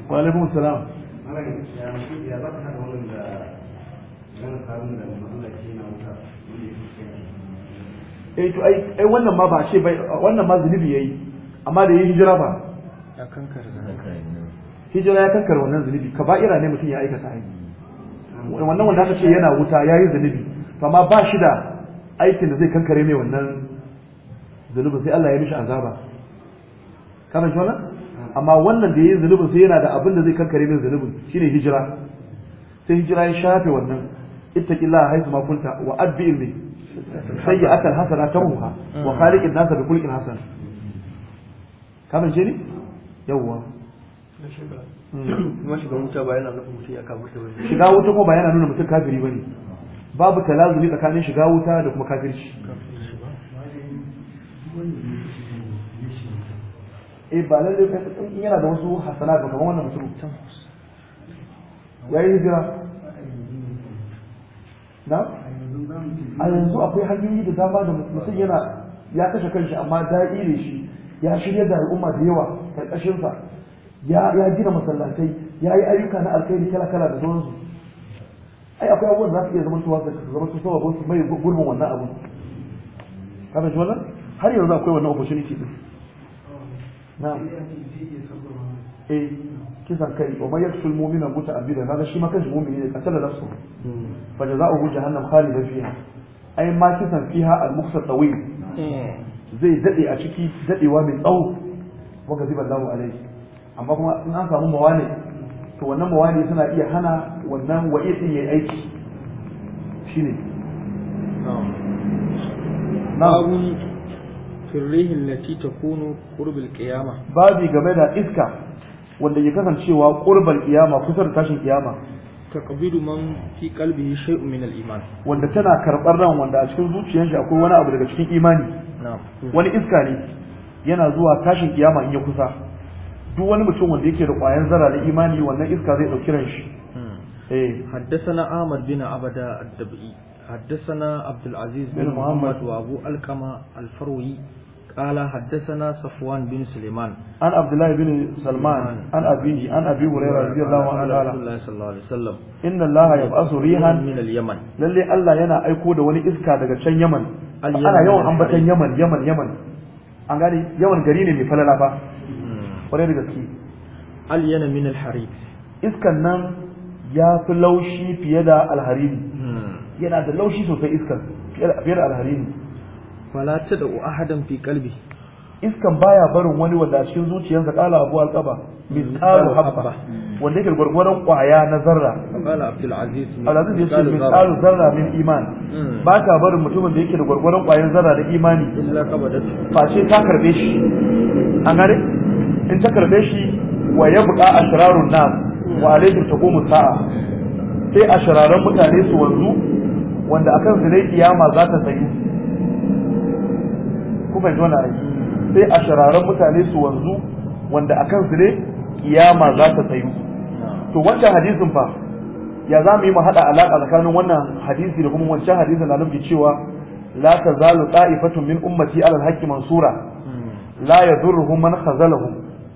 wa alaikum salam eh to ai ai wannan ma ba ce bai wannan ma zunubi yayi amma da yi hijira ba ya kankar hijira ya kankar wannan zunubi kaba'ira ne mutum ya aikata ai wannan wanda aka ce yana wuta ya yi zunubi to amma ba shi da aikin da zai kankare mai wannan zunubin sai Allah ya mishi azaba ka shi wannan amma wannan da yayi zunubin sai yana da abin da zai kankare min zunubin shine hijira sai hijira ya shafe wannan ittaqillaha haythu ma kunta wa abbi bi sayyi'atan hasana tamuha wa khaliqin nasa bi kulli hasan ka shi ne yawwa kuma shiga wuta ba yana nufin mutum ya shiga wuta ba yana nuna mutum kafiri bane babu talazumi tsakanin shiga wuta da kuma kafirci eh ba lalle in yana da wasu hasana ga kaman wannan mutum ya yi hijira na a yanzu akwai hanyoyi da dama da mutum yana ya kashe kanshi amma da'ire shi ya shirya da al'umma da yawa sa ya gina masallatai ya yi ayyuka na alkhairi kala kala da sauransu ai akwai abubuwan za su iya zama su wasa su zama su sawa su mai gurbin wannan abu kada shi wannan har yanzu akwai wannan opportunity din na'am kisan kai wa may yaktul mu'mina muta'abbidan kaga shi ma kanshi mu'mini ne qatala nafsu fa jazaohu jahannam zai dade a ciki dadewa mai tsawo wa gaziba Allahu iya hana aiki firrihi allati takunu qurbil ƙiyama. babi game da iska wanda ke kasancewa qurbal ƙiyama kusa da tashin qiyama taqbidu man fi qalbihi shay'un min al-iman wanda tana karɓar ran wanda a cikin zuciyarsa akwai wani abu daga cikin imani wani iska ne yana zuwa tashin ƙiyama in ya kusa duk wani mutum wanda yake da ƙwayar zara na imani wannan iska zai ɗauki ran shi hmm. eh haddathana Ahmad bin Abada ad-Dabi حدثنا عبد العزيز بن محمد وابو الكما الفروي قال حدثنا صفوان بن سليمان عن عبد الله بن سلمان عن ابيه عن ابي هريره رضي الله عنه قال الله صلى الله عليه وسلم ان الله يبعث ريحا من اليمن للي الله yana aiko da wani iska daga can Yaman ana yawan ambatan Yaman Yaman Yaman an gani yawan gari ne mai falala fa da gaske al yana min al iskan nan ya fi laushi fiye da al yana da laushi sosai iskan fiye da alharini fala ta da ahadan fi kalbi iskan baya barin wani wanda a cikin zuciyarsa kala abu alqaba misqalu habba wanda yake gurgurun kwaya na zarra qala abdul aziz al-aziz yace zarra min iman hmm. ba ta barin mutumin da yake da gurgurun kwayan zarra da imani illa kabadatu face ta karbe shi an gare in ta karbe shi wa yabqa asrarun nas wa alaykum taqumu sa'a sai asraran mutane su wanzu wanda akan su dai kiyama za ta tsayu kuma ji wani sai a shararan mutane su wanzu wanda akan su dai kiyama za ta tsayu to wancan hadisin fa ya za mu yi mu haɗa alaƙa tsakanin wannan hadisi da kuma wancan hadisin na nufi cewa la tazalu ta'ifatun min ummati alal haqqi mansura la yadurruhum man khazalahum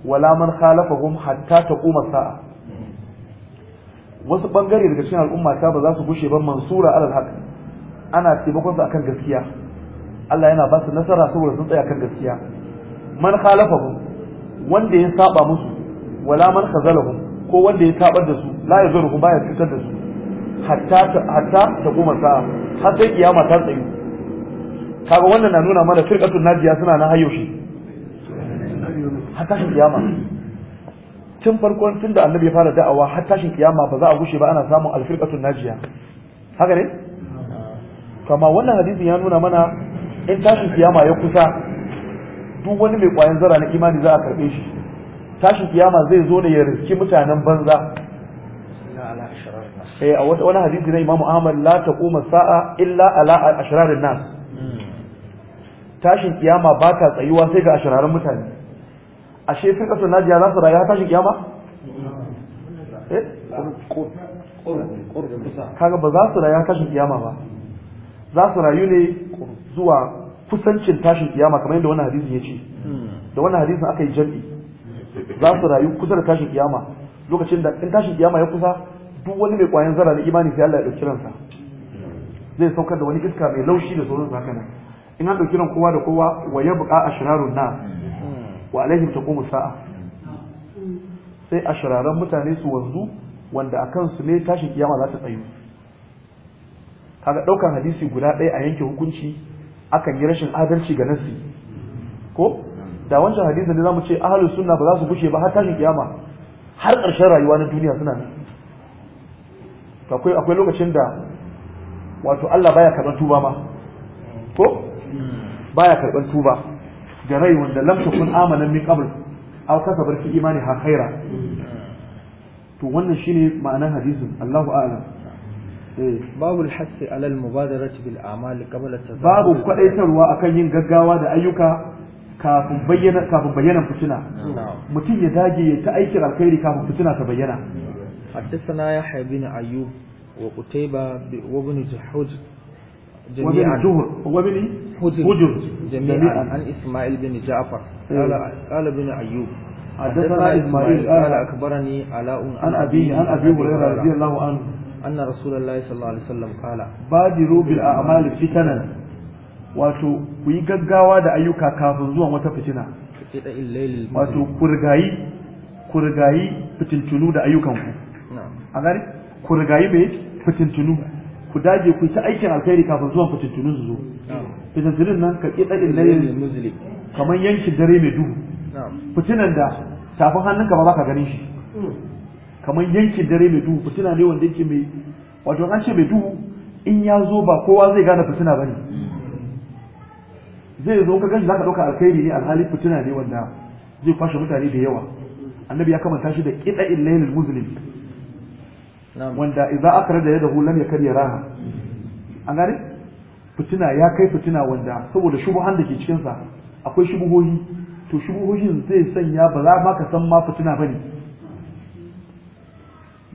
wala man khalafahum hatta taquma sa'a wasu bangare daga cikin al'umma ta ba za su gushe ba mansura alal haq ana taimakon su akan gaskiya Allah yana ba su nasara saboda sun tsaya kan gaskiya man khalafahu wanda ya saba musu wala man khazalahu ko wanda ya tabar da su la yazuru ba ya cutar da su hatta hatta ta goma sa'a har sai kiyama ta tsayu kaga wannan na nuna mana firqatul najiya suna na hayyushi hatta kiyama tun farkon tun da annabi ya fara da'awa har tashin kiyama ba za a gushe ba ana samun alfirkatun najiya haka ne kama wannan hadisin ya nuna mana in tashin kiyama ya kusa duk wani mai kwayan zara na imani za a karbe shi tashin kiyama zai zo ne ya riski mutanen banza eh a wata wani hadisi na imamu Ahmad la taquma sa'a illa ala ashrarin nas hmm. tashin kiyama ba ta tsayuwa sai ga ashrarin mutane ashe firkatun najiya za su rayu har tashin kiyama eh? kaga ba za su rayu har tashin kiyama ba za su rayu ne zuwa kusancin tashin kiyama kamar yadda wannan hadisin ya ce da wannan hadisin aka yi jam'i za su rayu kusa da tashin kiyama lokacin da in tashin kiyama ya kusa duk wani mai kwayan zara na imani sai Allah ya dauki ransa zai saukar da wani iska mai laushi da sauransu haka nan in an dauki ran kowa da kowa wa yabqa ashrarun nas wa alaihim taqumu sa'a sai a mutane su wanzu wanda a kansu ne tashin kiyama za ta tsayu kaga ɗaukan hadisi guda ɗaya a yanke hukunci akan yi rashin adalci ga nassi ko da wancan hadisi da zamu ce ahlus sunna ba za su bushe ba har tashin kiyama har ƙarshen rayuwa na duniya suna nan akwai akwai lokacin da wato Allah baya karɓar tuba ma ko baya karɓar tuba ga rai wanda lam kun amalan min qabl aw kasabar fi imani ha khaira to wannan shine ma'anar hadisin Allahu a'lam eh. babu al alal ala mubadarati bil a'mal qabla tazawwud babu tarwa akan yin gaggawa da ayyuka kafin bayyana kafin bayyana fitina mutum ya dage ya ta aikin alkhairi kafin fitina ta bayyana حدثنا يحيى بن أيوب وقتيبة وابن جحود وابن جهر وابن هجر جميعا عن إسماعيل بن جعفر قال قال ابن أيوب حدثنا إسماعيل قال أخبرني علاء عن أبيه عن أبي هريرة رضي الله عنه أن رسول الله صلى الله عليه وسلم قال بادروا بالأعمال فتنا wato ku yi gaggawa da ayyuka kafin zuwan wata fitina wato kurgayi kurgayi fitintunu da ayyukanku a gari kurgayi bai fitintunu ku dage ku ta aikin alkhairi kafin zuwan fitintunin su zo fitintunin nan ka ƙi tsadin layin. kamar yankin dare mai duhu fitinan da tafin hannunka ba za ka ganin shi hmm. kamar yankin dare mai duhu fitina ne wanda yake mai wato an ce mai duhu in ya zo ba kowa zai gane fitina ba ne zai zo ka gani za ka ɗauka alkhairi ne alhali fitina ne wanda zai kwashe mutane da yawa annabi ya kamanta shi da ƙiɗa'in lailul muslim wanda idza yadda hulan lam karya yaraha an gane fitina ya kai fitina wanda saboda shubuhan da ke cikin sa akwai shubuhohi to shubuhohin zai sanya ba za ma ka san ma fitina bane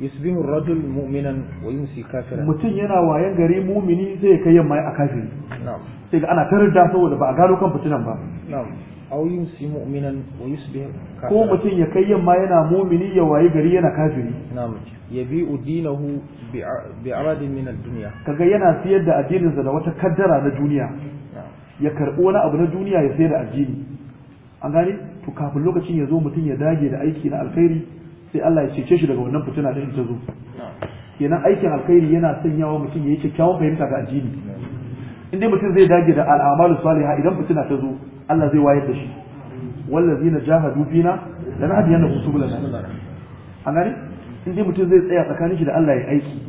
yusbihu ar-rajul mu'minan wa yunsi kafiran mutum yana wayan gari mumini zai kai yamma a kafiri na'am sai ga ana tarda saboda ba a gano kan fitinan ba na'am aw yunsi mu'minan wa yusbihu kafiran ko mutum ya kai yamma yana mumini ya wayi gari yana kafiri na'am Ya bi yabi'u bi bi'aradin min ad-dunya kaga yana siyar da addininsa da wata kaddara na duniya ya karbi wani abu na duniya ya siyar da addini an gani. to kafin lokacin ya zo mutum ya dage da aiki na alkhairi sai Allah ya cece shi daga wannan fitina da ta zo kenan aikin alkhairi yana sanyawa mutum ya yi kyakkyawan fahimta ga addini in dai mutum zai dage da al'amalu salihah idan fitina ta zo Allah zai wayar da shi wallazina jahadu fina lanahdiyannahum subulana an gani. in dai mutum zai tsaya tsakanin shi da Allah ya aiki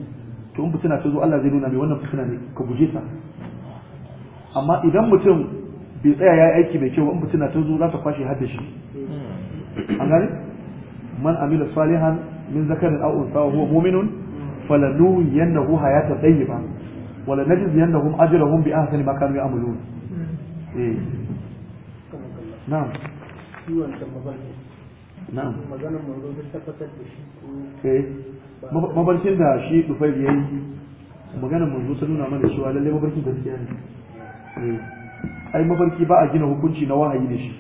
to in fitina ta zo Allah zai nuna mai wannan fitina ne ka guje ta amma idan mutum bai tsaya ya aiki mai kyau in fitina ta zo za ta kwashe hadda shi an gane man amila salihan min zakarin aw unsa wa huwa mu'minun falanu yanahu hayata tayyiba wala najiz yanahum ajrahum bi ahsani ma kanu ya'malun eh na'am ciwon da na'am maganar manzo duk tabbatar da shi eh mabarkin da shi dufai yi maganar manzo ta nuna mana cewa lallai mabarkin gaskiya ne eh, ai mabarki ba a gina hukunci na wahayi da shi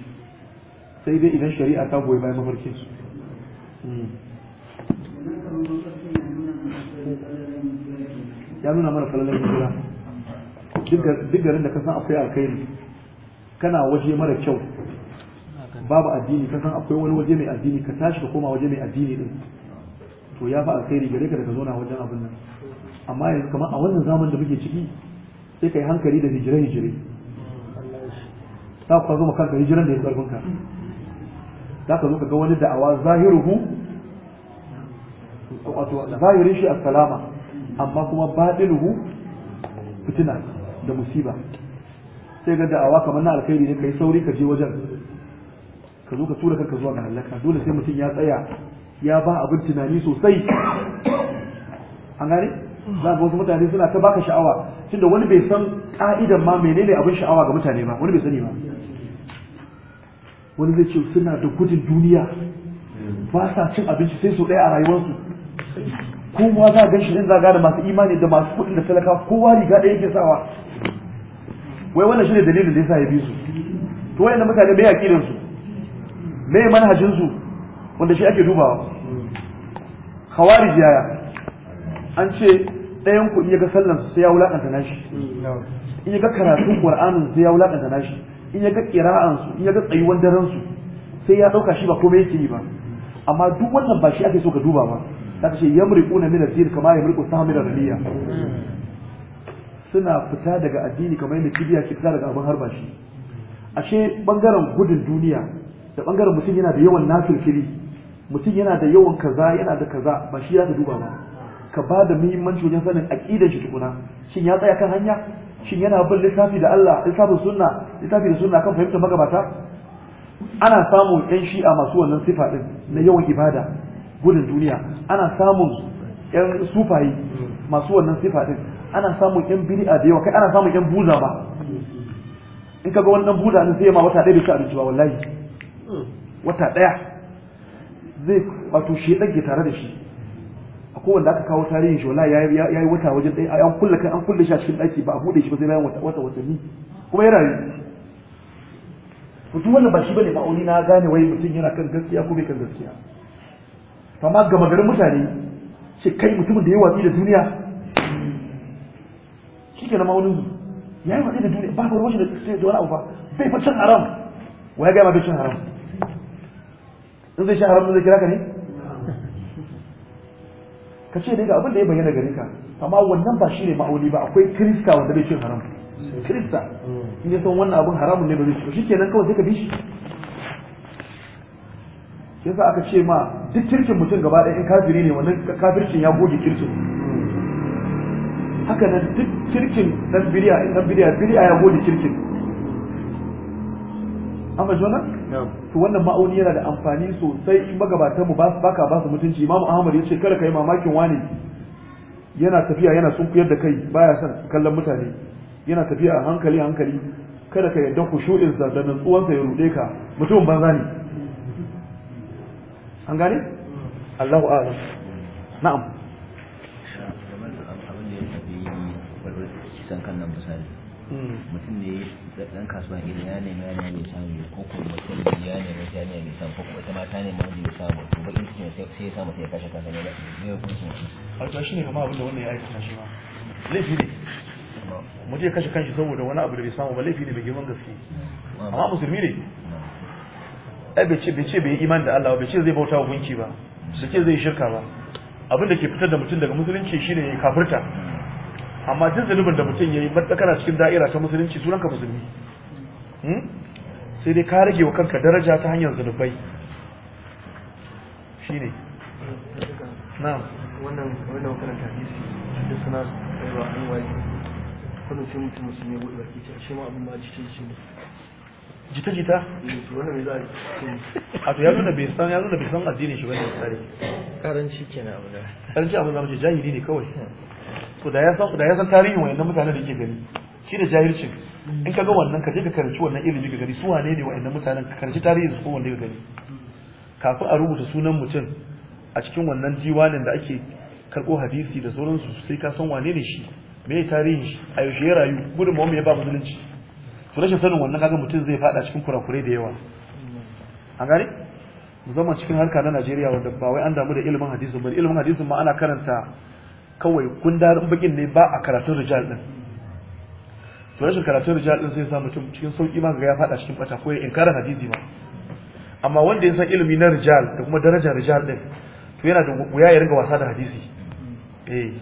sai dai idan shari'a ta goyi bayan mafarkin su hmm. ya nuna mana falalar hijira duk garin da ka san akwai alkhairi kana waje mara kyau babu addini ka san akwai wani waje mai addini ka tashi ka koma waje mai addini din to ya fa alkhairi gare ka daga ka zauna wajen abin nan amma yanzu kamar a wannan zaman da muke ciki sai ka yi hankali da hijira-hijira. za ku zo kanka hijiran da ya karfin ka za ka zo ka ga wani da'awa zahiruhu wato zahirin shi assalama amma kuma batinuhu fitina da musiba sai ga da'awa kamar na alkhairi ne kai sauri ka je wajen ka zo ka tura kanka zuwa ga halaka dole sai mutum ya tsaya ya ba abin tunani sosai an gane za ga wasu mutane suna ta baka sha'awa tunda wani bai san ka'idan ma menene abin sha'awa ga mutane ba wani bai sani ba wani zai ce suna da gudun duniya ba sa cin abinci sai su ɗaya a rayuwarsu kowa za a ganshi in zaga da masu imani da masu kuɗin da talaka kowa riga ɗaya yake sawa wai wannan ne dalilin da ya sa ya bi su to da mutane bai yaƙi su me manhajin su wanda shi ake dubawa khawarij yaya an ce ɗayan ku iya ga sallar sai ya wulakanta nashi in ga karatun qur'anin sai ya wulakanta nashi in ga qira'an su ga tsayuwan daren su sai ya dauka shi ba komai yake yi ba amma duk wannan ba shi ake so ka duba ba zaka ce yamriquna min ad-din kama yamriqu sahmi da raliya suna fita daga addini kamar yadda kibiya ke fita daga abin harba shi ashe bangaren gudun duniya da bangaren mutum yana da yawan nafilfili mutum yana da yawan kaza yana da kaza ba shi ya ka duba ba ka ba da muhimmanci wajen sanin aqidar shi tukuna shin ya tsaya kan hanya shin yana bin lissafi da Allah lissafi sunna lissafi da sunna kan fahimtar magabata ana samun yan shi'a masu wannan sifa din na yawan ibada gudun duniya ana samun yan sufayi masu wannan sifa din ana samun yan bid'a da yawa kai ana samun yan buza ba in ka ga wannan buda ne sai ma wata ɗaya bai shi abinci ba wallahi wata daya zai wato shi dage tare da shi kowane da aka kawo tarihin shola ya yi wata wajen ɗaya an kulle kan an kulle shi a cikin ɗaki ba a buɗe shi ba sai bayan wata wata ni kuma ya rayu mutum wannan ba shi bane ma'auni na gane wai mutum yana kan gaskiya ko bai kan gaskiya amma gama garin mutane ce kai mutumin da ya watsi da duniya shi ke na ma'aunin ya yi watsi da duniya ba ka ruwan shi da wani abu ba bai fa cin haram wa ya gaya ma bai cin haram in zai sha haram zai kira ka ne ka ce daga abin da ya bayyana gare ka amma wannan ba shi ne ma'auni ba akwai kirista wanda bai cin haram kirista in ya san wannan abin haramun ne ba zai ci shi nan kawai sai ka bi shi Ya sa aka ce ma duk kirkin mutum gaba ɗaya in kafiri ne wannan kafircin ya goge kirkin haka nan duk kirkin ɗan biriya biriya biriya ya goge kirkin amma jona to wannan ma'auni yana da amfani sosai magabatan mu baka ba su mutunci imamu ahmad yace kada kai mamakin wani yana tafiya yana sunkuyar da kai baya son kallon mutane yana tafiya a hankali hankali kada ka yadda kushu'in sa da nutsuwan sa ya rude ka mutum banza ne an gane Allahu a'lam na'am hmm. mutum ne da ɗan kasuwan irin ya nemi ya mai samu ko ko mutum ya nemi ya ne mai samu ko kuma ita mata ne mai mai samu to in cikin sai sai ya samu sai ya kashe kansa ne ne ko shi har to shine kamar abin da wannan ya aikata shi ma laifi ne mutum ya kashe kanshi saboda wani abu da bai samu ba laifi ne mai girman gaske amma musulmi ne ai bai ce bai ce bai iman da Allah ba bai ce zai bauta wa gunki ba bai ce zai shirka ba abin da ke fitar da mutum daga musulunci shine kafirta amma duk zunubin da mutum ya yi matakana cikin da'ira ta musulunci sunan ka musulmi hmm? sai dai ka rage wa kanka daraja ta hanyar zunubai ne na wannan wannan karanta hadisi da suna tsayarwa an waje kullum sai mutum musulmi ya buɗe baki ta shi ma abin ma cikin shi jita jita eh, wannan mai za a yi to ya nuna bai san ya nuna bai san addinin shi bane tsare karanci kenan abu da karanci abu da mace jahili ne kawai to da ya san da ya san tarihin wayannan mutanen da yake gani shi da jahilcin in ka ga wannan ka je ka karanci wannan ilimi ka gani su wane ne wayannan mutanen ka karanci tarihin su ko wanda ka gani kafin a rubuta sunan mutum a cikin wannan diwanin da ake karbo hadisi da sauransu sai ka san wane ne shi me tarihin shi a yaushe ya rayu gudun mu ya ba musulunci to rashin sanin wannan kaga mutum zai fada cikin kurakurai da yawa an gane musamman cikin harka na Najeriya wanda ba wai an damu da ilimin hadisin ba ilimin hadisin ma ana karanta kawai gundarin bakin ne ba a karatun rijal din to rashin karatun rijal din sai sa mutum cikin sauki ma ga ya fada cikin bata ko ya inkara hadisi ma amma wanda ya san ilimi na rijal da kuma darajar rijal din to yana da wuya ya riga wasa da hadisi eh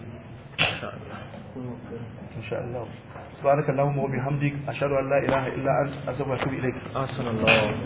insha Allah سبحانك اللهم وبحمدك أشهد أن لا إله إلا أنت أستغفرك